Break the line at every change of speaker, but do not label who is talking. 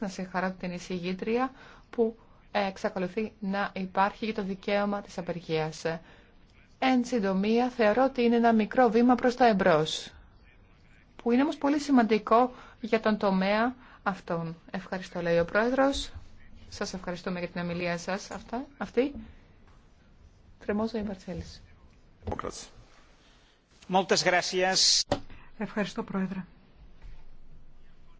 να συγχαρώ την εισηγήτρια που ε, εξακολουθεί να υπάρχει για το δικαίωμα της απεργίας. Εν συντομία, θεωρώ ότι είναι ένα μικρό βήμα προς τα εμπρός, που είναι όμως πολύ σημαντικό για τον τομέα αυτόν. Ευχαριστώ, λέει ο Πρόεδρος. Σας ευχαριστούμε για την ομιλία σας αυτά, αυτή. Τρεμόζα Μπαρτσέλης.
Ευχαριστώ, Πρόεδρε.